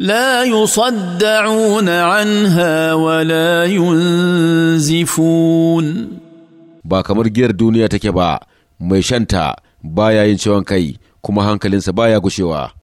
لا يصدعون عنها ولا ينزفون ba kamar giyar duniya take ba mai shanta baya yin ciwon kai kuma hankalinsa baya gushewa